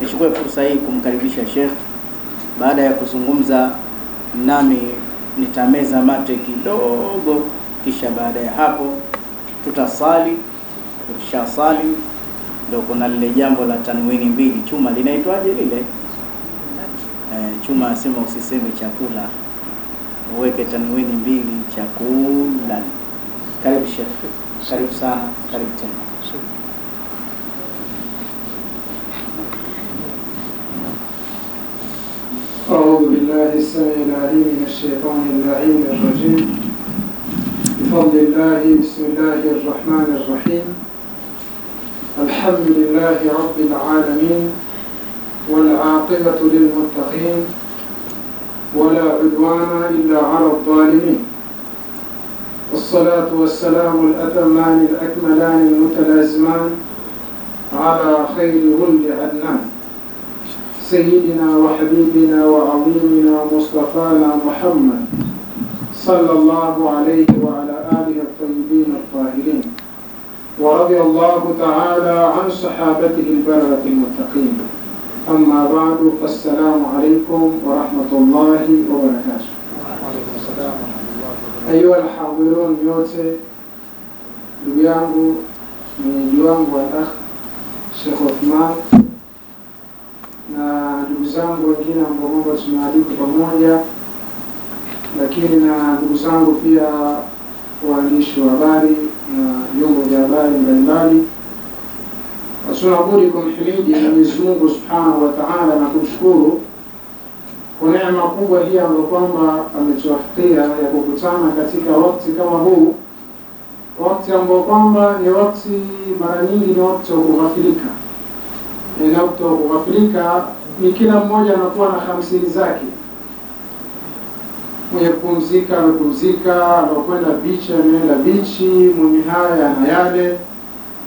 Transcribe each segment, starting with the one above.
Nichukue fursa hii kumkaribisha Sheikh. Baada ya kuzungumza nami nitameza mate kidogo, kisha baada ya hapo tutasali. sali, ndio kuna lile jambo la tanwini mbili, chuma linaitwaje lile e? Chuma asema usiseme chakula, uweke tanwini mbili, chakula. Karibu Sheikh, karibu sana, karibu tena. بالله السميع العليم من الشيطان اللعين الرجيم بفضل الله بسم الله الرحمن الرحيم الحمد لله رب العالمين والعاقبة للمتقين ولا عدوان إلا على الظالمين والصلاة والسلام الأتمان الأكملان المتلازمان على خير ولد عدنان سيدنا وحبيبنا وعظيمنا مصطفانا محمد صلى الله عليه وعلى آله الطيبين الطاهرين ورضي الله تعالى عن صحابته البررة المتقين أما بعد فالسلام عليكم ورحمة الله وبركاته أيها الحاضرون يوتي لبيانغو من يوانغو الأخ شيخ عثمان na ndugu zangu wengine ambao Mungu tumealikwa pamoja, lakini na ndugu zangu pia waandishi wa habari na vyombo vya habari mbalimbali, hatuna budi kumhimidi Mwenyezi Mungu Subhanahu wa Ta'ala na kumshukuru kwa neema kubwa hii ambayo kwamba ametuwafikia ya kukutana katika wakati kama huu, wakati ambao kwamba ni wakati mara nyingi ni wakati wa kughafirika na kughafilika ni kila mmoja anakuwa na hamsini zake. Mwenye kupumzika amepumzika, anakwenda bichi ameenda bichi, mwenye haya ana yale.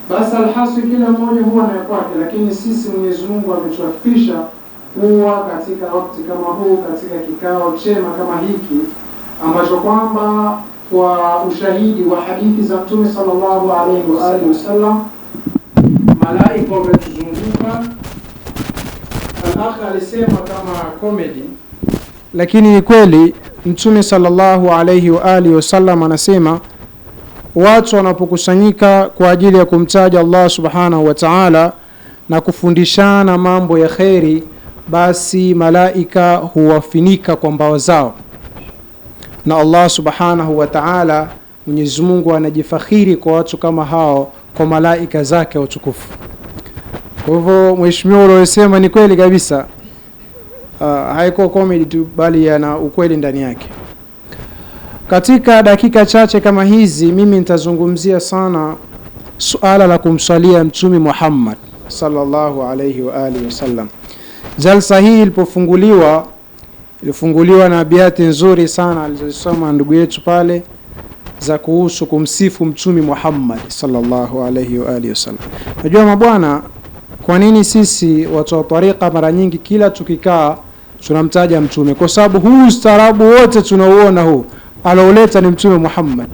Basi alhasu, kila mmoja huwa na kwake, lakini sisi Mwenyezi Mungu ametuafikisha huwa katika wakti kama huu, katika kikao chema kama hiki ambacho kwamba kwa ushahidi wa hadithi za Mtume sallallahu alaihi wa alihi malaika wametuzunguka. Allah alisema kama comedy, lakini ni kweli. Mtume sallallahu alayhi wa alihi wasallam anasema watu wanapokusanyika kwa ajili ya kumtaja Allah subhanahu wa ta'ala na kufundishana mambo ya kheri, basi malaika huwafinika kwa mbawa zao, na Allah subhanahu wa ta'ala, Mwenyezi Mungu anajifakhiri kwa watu kama hao kwa malaika zake watukufu. Kwa hivyo, mheshimiwa, uliosema ni kweli kabisa. Uh, haiko comedy tu bali yana ukweli ndani yake. Katika dakika chache kama hizi, mimi nitazungumzia sana suala la kumswalia Mtume Muhammad sallallahu alayhi wa alihi wasallam. Jalsa hii ilipofunguliwa ilifunguliwa na biati nzuri sana alizosoma ndugu yetu pale za kuhusu kumsifu mtumi Muhammad sallallahu alayhi wa alihi wasallam. Najua mabwana, kwa nini sisi watu wa tariqa mara nyingi kila tukikaa tunamtaja mtume? Kwa sababu huu ustaarabu wote tunauona huu alioleta ni mtume Muhammad.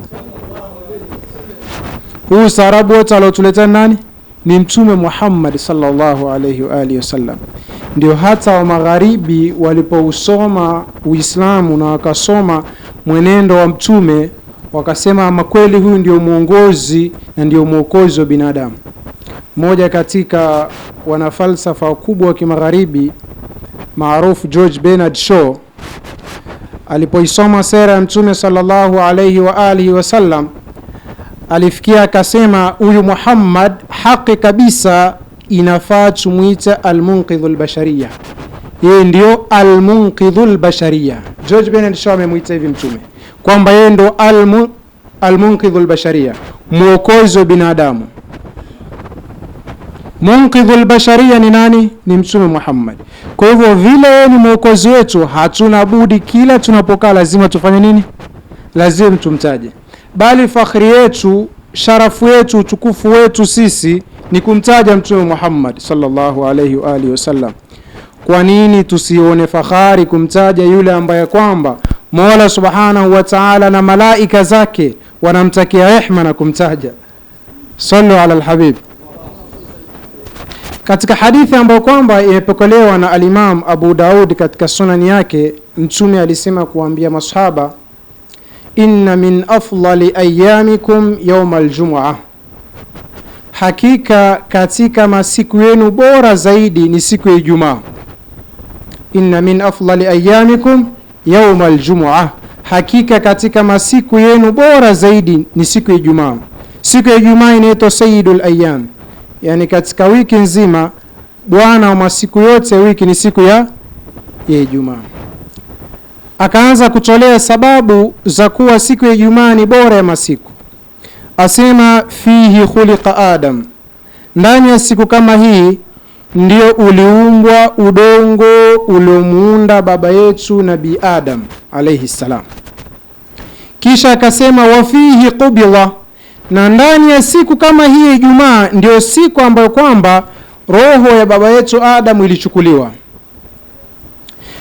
Huu ustaarabu wote aliotuletea nani? Ni mtume Muhammad sallallahu alayhi wa alihi wasallam. Ndio hata wa magharibi walipousoma Uislamu na wakasoma mwenendo wa mtume wakasema ama kweli huyu ndio mwongozi na ndio mwokozi wa binadamu. Mmoja katika wanafalsafa wakubwa wa kimagharibi maarufu George Bernard Shaw alipoisoma sera ya Mtume sallallahu alayhi wa alihi wasallam alifikia akasema, huyu Muhammad haki kabisa inafaa tumwita almunqidhu lbashariya, yeye ndio almunqidhu lbashariya. George Bernard Shaw amemwita hivi Mtume kwamba yeye ndo almunqidhu lbasharia, mwokozi wa binadamu. Munqidhu lbasharia ni nani? Ni Mtume Muhammad. Kwa hivyo vile yeye ni mwokozi wetu, hatuna budi kila tunapokaa lazima tufanye nini? Lazima tumtaje, bali fakhri yetu, sharafu yetu, utukufu wetu sisi ni kumtaja Mtume Muhammad sallallahu alayhi wa alihi wasallam. Kwa nini tusione fahari kumtaja yule ambaye kwamba Mola subhanahu wa taala na malaika zake wanamtakia rehma na kumtaja. Sallu ala alhabib. Katika hadithi ambayo kwamba imepokelewa na alimam Abu Daud katika sunani yake, Mtume alisema kuambia masahaba, inna min afdali ayamikum yauma ljumua hakika katika masiku yenu bora zaidi ni siku ya Ijumaa. Inna min afdali ayamikum yauma aljumua, hakika katika masiku yenu bora zaidi ni siku ya Ijumaa. Siku ya Ijumaa inaitwa sayyidul ayyam, yani katika wiki nzima bwana wa masiku yote wiki ni siku ya ya Ijumaa. Akaanza kutolea sababu za kuwa siku ya Ijumaa ni bora ya masiku, asema fihi khuliqa Adam, ndani ya siku kama hii ndio uliumbwa udongo uliomuunda baba yetu Nabii Adam alaihi salam. Kisha akasema wafihi qubila, na ndani ya siku kama hii Ijumaa ndio siku ambayo kwamba roho ya baba yetu Adamu ilichukuliwa.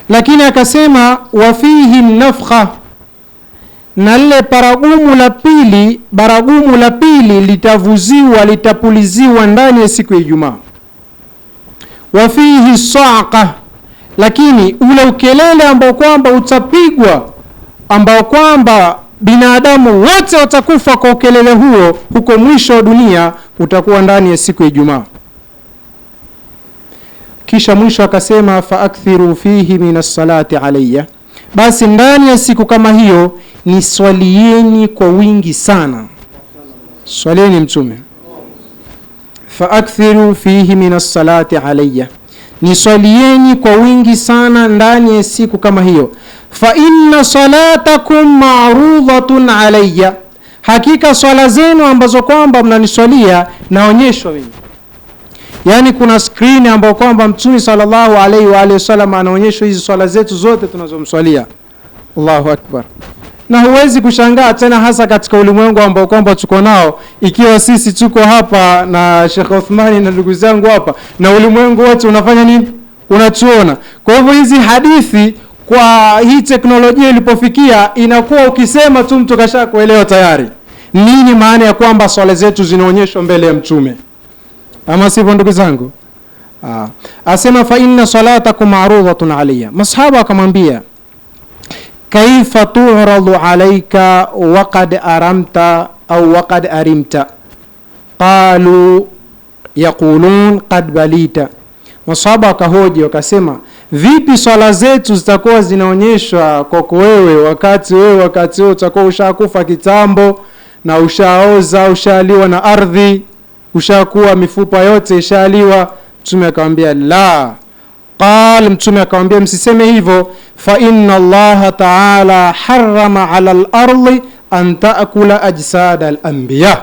Lakini akasema wafihi nafkha, na lile baragumu la pili, baragumu la pili litavuziwa, litapuliziwa ndani ya siku ya Ijumaa wa fihi saqa, lakini ule ukelele ambao kwamba utapigwa, ambao kwamba binadamu wote watakufa kwa ukelele huo, huko mwisho wa dunia utakuwa ndani ya siku ya Ijumaa. Kisha mwisho akasema, fa akthiru fihi min assalati alayya, basi ndani ya siku kama hiyo ni swalieni kwa wingi sana, swalieni Mtume faakthiru fihi min assalati alayya, niswalieni kwa wingi sana ndani ya siku kama hiyo. Fa inna salatakum ma'rudatun alayya, hakika swala zenu ambazo kwamba mnaniswalia naonyeshwa mimi. Yani kuna screen ambayo kwamba Mtume sallallahu alayhi wa alihi wasallam anaonyeshwa hizi swala zetu zote tunazomswalia. Allahu akbar na huwezi kushangaa tena, hasa katika ulimwengu ambao kwamba tuko nao, ikiwa sisi tuko hapa na Sheikh Othmani na ndugu zangu hapa, na ulimwengu wote unafanya nini? Unatuona. Kwa hivyo hizi hadithi kwa hii teknolojia ilipofikia, inakuwa ukisema tu mtu kasha kuelewa tayari nini maana ya kwamba swala zetu zinaonyeshwa mbele ya Mtume, ama sivyo, ndugu zangu? Ah, Asema fa inna salatakum ma'rudatun alayya, masahaba akamwambia kaifa tu'radu alayka waqad aramta au waqad arimta qalu yaqulun qad balita. Masahaba wakahoji wakasema, vipi swala zetu zitakuwa zinaonyeshwa kwako wewe, wakati wewe wakati wewe utakuwa ushakufa kitambo na ushaoza ushaliwa na ardhi, ushakuwa mifupa yote ishaliwa. Mtume akamwambia la Qal, mtume akamwambia, msiseme hivyo. Fa inna allaha taala harama ala lardi an taakula ajsada alanbiya,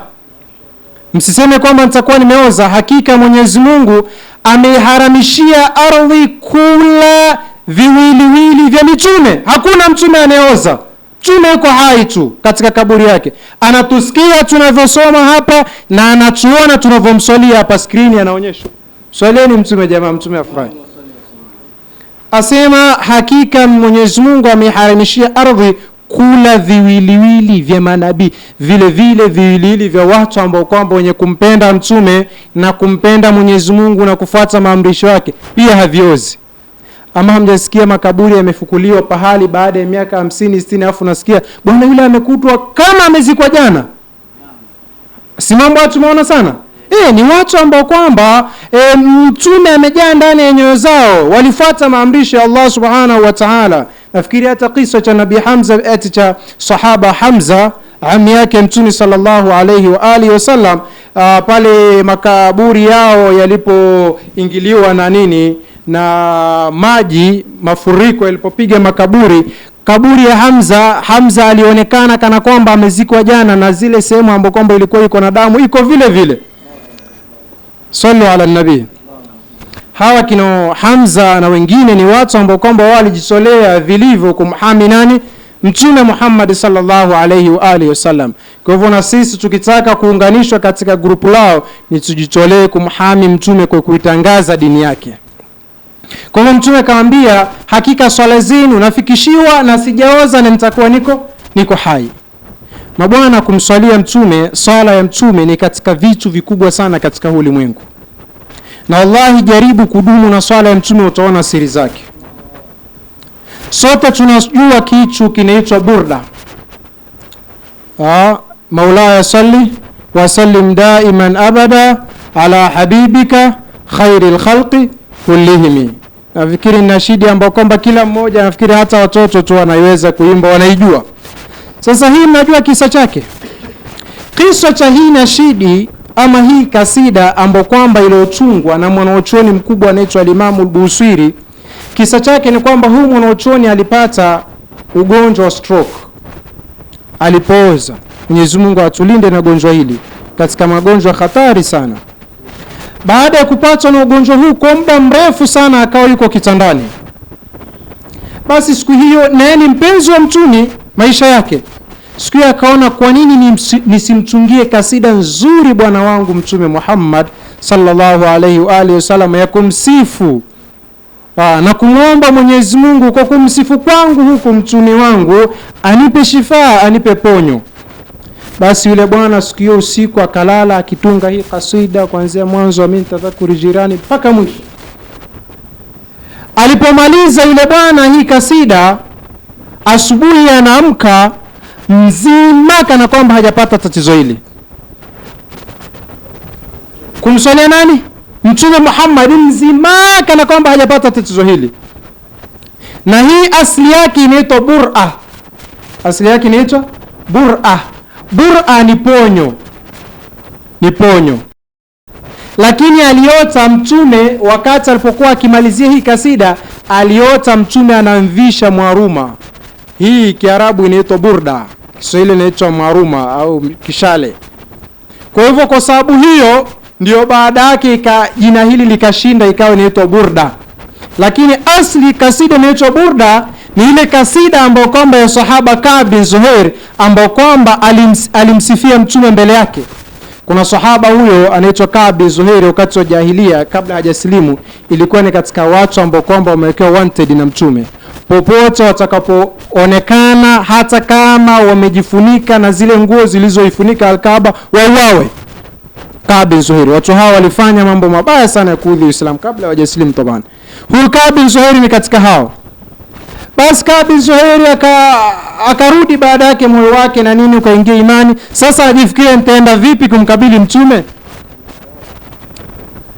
msiseme kwamba nitakuwa nimeoza. Hakika Mwenyezi Mungu ameiharamishia ardhi kula viwiliwili vya mitume. Hakuna mtume anayeoza. Mtume yuko hai tu katika kaburi yake, anatusikia tunavyosoma hapa na anatuona tunavyomswalia hapa. Skrini anaonyesha swaleni mtume, jamaa, mtume afurahi asema hakika Mwenyezi Mungu ameharamishia ardhi kula viwiliwili vya manabii, vile vile viwiliwili vya watu ambao kwamba wenye kumpenda mtume na kumpenda Mwenyezi Mungu na kufuata maamrisho yake pia haviozi. Ama hamjasikia makaburi yamefukuliwa pahali baada ya miaka hamsini sitini, alafu nasikia bwana yule amekutwa kama amezikwa jana. Si mambo hatumeona sana E, ni watu ambao kwamba e, mtume amejaa ndani ya nyoyo zao, walifuata maamrisho ya Allah subhanahu wa ta'ala. Nafikiri hata kisa cha Nabii Hamza eti cha sahaba Hamza ami yake mtume sallallahu alayhi wa alihi wasallam ah, pale makaburi yao yalipoingiliwa na nini na maji, mafuriko yalipopiga makaburi kaburi ya Hamza. Hamza alionekana kana kwamba amezikwa jana, na zile sehemu ambapo kwamba ilikuwa iko na damu iko vile vile sallu ala nabii. Hawa kina Hamza na wengine ni watu ambao kwamba walijitolea vilivyo kumhami nani Mtume Muhammad sallallahu alayhi wa alihi wasallam. Kwa hivyo na sisi tukitaka kuunganishwa katika grupu lao ni tujitolee kumhami mtume kwa kuitangaza dini yake. Kwa hivyo mtume kaambia, hakika swala zenu nafikishiwa na sijaoza na nitakuwa niko niko hai. Mabwana, bwana kumswalia mtume, sala ya mtume ni katika vitu vikubwa sana katika huu ulimwengu. Na wallahi, jaribu kudumu na swala ya mtume, utaona siri zake. Sote tunajua kitu kinaitwa burda. maula Maulaya salli wasallim daiman abada ala habibika khairi lkhalqi kullihimi. Nafikiri nashidi ambao kwamba kila mmoja, nafikiri hata watoto tu wanaiweza kuimba, wanaijua sasa hii mnajua kisa chake, kisa cha hii nashidi ama hii kasida ambo kwamba iliyochungwa na mwanachuoni mkubwa anaitwa Alimamu al Kisa chake ni kwamba huyu mwanachuoni alipata ugonjwa wa stroke alipooza. Mwenyezi Mungu atulinde na gonjwa hili, katika magonjwa hatari sana. Baada ya kupatwa na ugonjwa huu kwa muda mrefu sana, akawa yuko kitandani basi siku hiyo na ni mpenzi wa mtume maisha yake. Siku hiyo akaona, kwa nini nisimtungie kasida nzuri bwana wangu Mtume Muhammad sallallahu alaihi wa alihi wasallam ya kumsifu ah, na kumwomba Mwenyezi Mungu kwa kumsifu kwangu huku mtume wangu anipe shifaa, anipe ponyo. Basi yule bwana siku hiyo usiku akalala akitunga hii kasida kuanzia mwanzo wa min jirani mpaka mwisho. Alipomaliza yule bwana hii kasida, asubuhi anaamka mzima, kana kwamba hajapata tatizo hili, kumswalia nani? Mtume Muhammad, mzima, kana kwamba hajapata tatizo hili. Na hii asili yake inaitwa bur'a, asili yake inaitwa bur'a. Bur'a ni ponyo, ni ponyo. Lakini aliota Mtume wakati alipokuwa akimalizia hii kasida, aliota Mtume anamvisha mwaruma. Hii Kiarabu inaitwa burda, Kiswahili inaitwa mwaruma au kishale. Kwa hivyo kwa sababu hiyo ndio baada yake jina hili likashinda, ikawa inaitwa burda, lakini asli kasida inaitwa burda ni ile kasida ambayo kwamba ya sahaba Kaab bin Zuhair ambayo kwamba alims, alimsifia mtume mbele yake. Kuna sahaba huyo anaitwa Kabi Zuhairi, wakati wa jahilia, kabla hajasilimu, ilikuwa ni katika watu ambao kwamba wamewekewa wanted na Mtume, popote watakapoonekana, hata kama wamejifunika na zile nguo zilizoifunika Alkaaba, wauawe. Kabi Zuhairi. Watu hawa walifanya mambo mabaya sana ya kuudhi Uislamu kabla hawajaslimu. Tabani, huyu Kabi Zuhairi ni katika hao basi Kaab Zuhairi akarudi baada yake moyo wake na nini ukaingia imani. Sasa ajifikirie nitaenda vipi kumkabili mtume?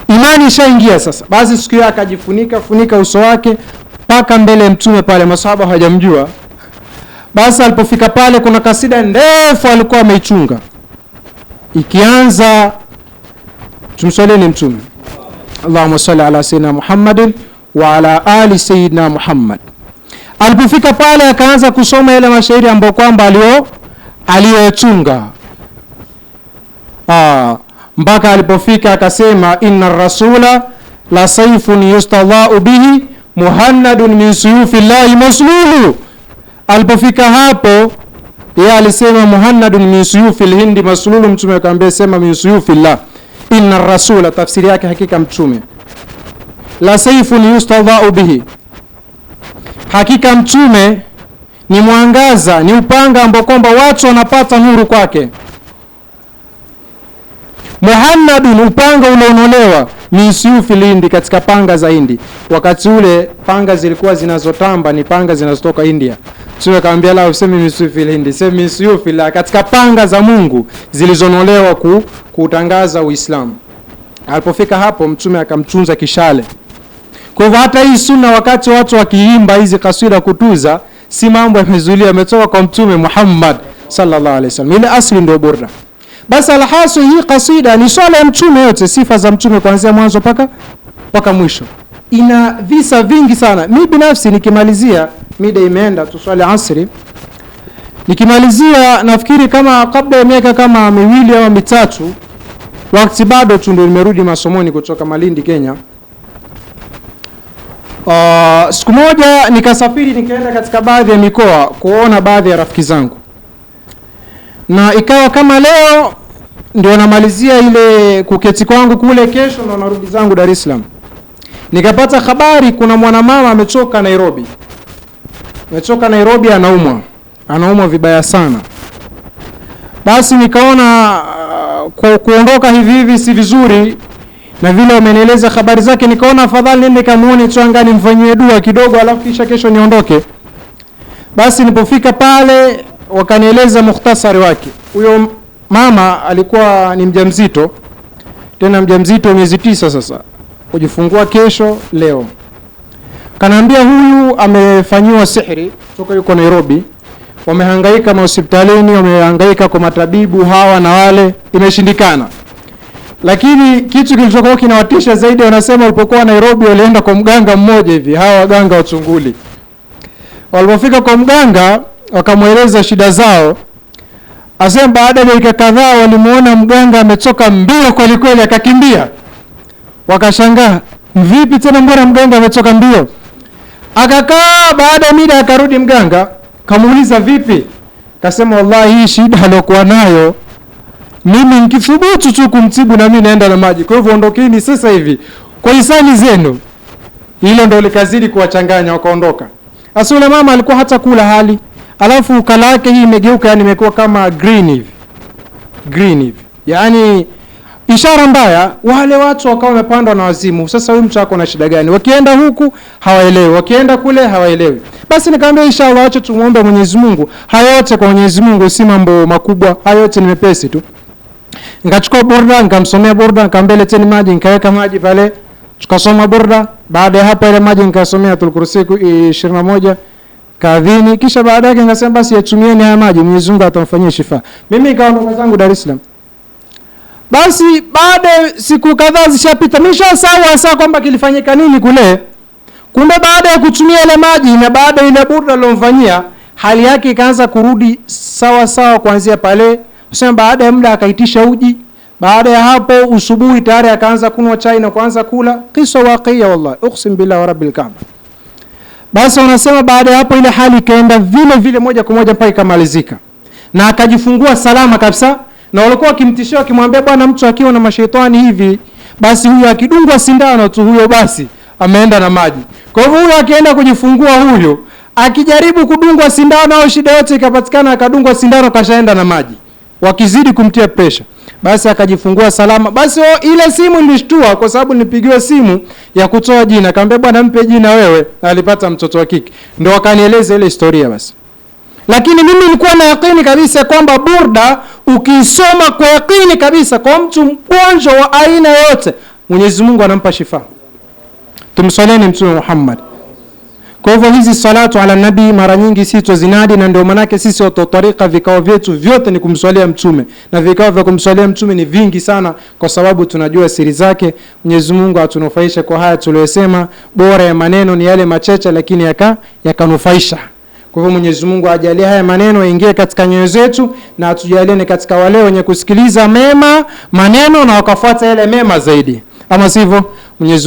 Imani ishaingia sasa. Basi siku hiyo akajifunika funika uso wake mpaka mbele mtume pale, masahaba hawajamjua. Basi alipofika pale, kuna kasida ndefu alikuwa ameichunga, ikianza tumswalini mtume, Allahumma salli ala sayyidina Muhammadin wa ala ali sayyidina Muhammad Alipofika pale akaanza kusoma yale mashairi ambayo kwamba alio aliyochunga ah, mpaka alipofika akasema, inna rasula la saifun yustadhau bihi muhannadun min suyufi llahi maslulu. Alipofika hapo yeye alisema muhannadun min suyufi lhindi maslulu. Mtume akamwambia sema min suyufi llah. Inna rasula, tafsiri yake hakika mtume, la saifun yustadhau bihi Hakika mtume ni mwangaza, ni upanga ambao kwamba watu wanapata nuru kwake. Muhammadun, upanga unaonolewa min katika panga za Hindi. Wakati ule panga zilikuwa zinazotamba ni panga zinazotoka India. Mtume akamwambia la, useme min syufi lindi, sema katika panga za Mungu zilizonolewa ku, kutangaza Uislamu. Alipofika hapo, mtume akamtunza kishale kwa hivyo hata hii sunna, wakati watu wakiimba hizi kaswida kutuza, si mambo yamezulia, yametoka kwa Mtume Muhammad sallallahu alaihi wasallam. Ile asli ndio bora. Basi alhasu, hii kasida ni swala ya mtume yote, sifa za mtume kuanzia mwanzo paka paka mwisho. Ina visa vingi sana. Mi binafsi nikimalizia, mida imeenda, tuswali asri. Nikimalizia nafikiri kama kabla ya miaka kama miwili au mitatu, wakati bado tu ndio nimerudi masomoni kutoka Malindi, Kenya. Uh, siku moja nikasafiri nikaenda katika baadhi ya mikoa kuona baadhi ya rafiki zangu, na ikawa kama leo ndio namalizia ile kuketi kwangu kule, kesho ndo narudi zangu Dar es Salaam. Nikapata habari kuna mwanamama amechoka Nairobi, amechoka Nairobi, anaumwa anaumwa vibaya sana. Basi nikaona uh, kuondoka hivi hivi si vizuri na vile wamenieleza habari zake, nikaona afadhali nende kamuone chwanga nimfanyie dua kidogo, alafu kisha kesho niondoke. Basi nilipofika pale, wakanieleza mukhtasari wake. Huyo mama alikuwa ni mjamzito, tena mjamzito miezi tisa, sasa kujifungua kesho leo. Kanaambia huyu amefanyiwa sihiri toka yuko Nairobi, wamehangaika mahospitalini, wamehangaika kwa matabibu hawa na wale, imeshindikana lakini kitu kilichokuwa kinawatisha zaidi, wanasema walipokuwa Nairobi walienda kwa mganga mmoja hivi, hawa waganga wa chunguli. Walipofika kwa mganga, wakamweleza shida zao, asema baada ya dakika kadhaa walimuona mganga amechoka mbio kweli kweli, akakimbia. Wakashangaa, vipi tena, mbona mganga amechoka mbio? Akakaa, baada ya mida akarudi mganga, kamuuliza vipi, kasema wallahi, hii shida aliyokuwa nayo mimi nikithubutu tu kumtibu na mimi naenda na maji. Kwa hivyo ondokeni sasa hivi kwa hisani zenu. Hilo ndio likazidi kuwachanganya wakaondoka. Hasa yule mama alikuwa hata kula hali, alafu kala yake hii imegeuka, yani imekuwa kama green hivi green hivi, yaani ishara mbaya. Wale watu wakawa wamepandwa na wazimu. Sasa huyu mtu ako na shida gani? Wakienda huku hawaelewi, wakienda kule hawaelewi. Basi nikamwambia inshallah, acha tumuombe Mwenyezi Mungu. Haya yote kwa Mwenyezi Mungu si mambo makubwa, haya yote ni mepesi tu. Nikachukua burda nikamsomea burda, nikamwambia leteni maji, nikaweka maji pale, tukasoma burda. Baada ya hapo, ile maji nikasomea Tulkursi ishirini na kadhini, kisha baada yake nikasema basi yatumieni haya maji, Mwenyezi Mungu atamfanyia shifa. Mimi nikaondoka zangu Dar es Salaam. Basi baada siku kadhaa zishapita, nisha nimeshasahau hasa kwamba kilifanyika nini kule. Kumbe baada ya kutumia ile maji na baada ile burda alomfanyia, hali yake ikaanza kurudi sawa sawa kuanzia pale Sema baada ya muda akaitisha uji. Baada ya hapo usubuhi tayari akaanza kunywa chai na kuanza kula. Kisa waqiya wallahi, uqsim billahi wa rabbil kaaba. Basi wanasema baada ya hapo ile hali ikaenda vile vile moja kwa moja mpaka ikamalizika, na akajifungua salama kabisa. Na walikuwa wakimtishia wakimwambia, bwana, mtu akiwa na mashaitani hivi, basi huyo akidungwa sindano tu, huyo basi ameenda na maji. Kwa hivyo huyo akienda kujifungua, huyo akijaribu kudungwa sindano au shida yote ikapatikana, akadungwa sindano, kashaenda na maji wakizidi kumtia presha, basi akajifungua salama. Basi oh, ile simu nilishtua kwa sababu nilipigiwa simu ya kutoa jina, kaambia bwana, mpe jina wewe, na alipata mtoto wa kike, ndio akanieleza ile historia basi. Lakini mimi nilikuwa na yakini kabisa kwamba Burda ukisoma kwa yakini kabisa kwa mtu mgonjwa wa aina yote, Mwenyezi Mungu anampa shifa. Tumsalieni Mtume Muhammad kwa hivyo hizi salatu ala nabii mara nyingi sisi tuzinadi, na ndio maanake sisi watu tariqa vikao vyetu vyote ni kumswalia Mtume, na vikao vya kumswalia Mtume ni vingi sana, kwa sababu tunajua siri zake. Mwenyezi Mungu atunufaishe kwa haya tuliyosema. Bora ya maneno ni yale machache, lakini yaka yakanufaisha. Kwa hivyo Mwenyezi Mungu ajalie haya maneno yaingie katika nyoyo zetu, na atujalie ni katika wale wenye kusikiliza mema maneno na wakafuata yale mema zaidi, ama sivyo Mwenyezi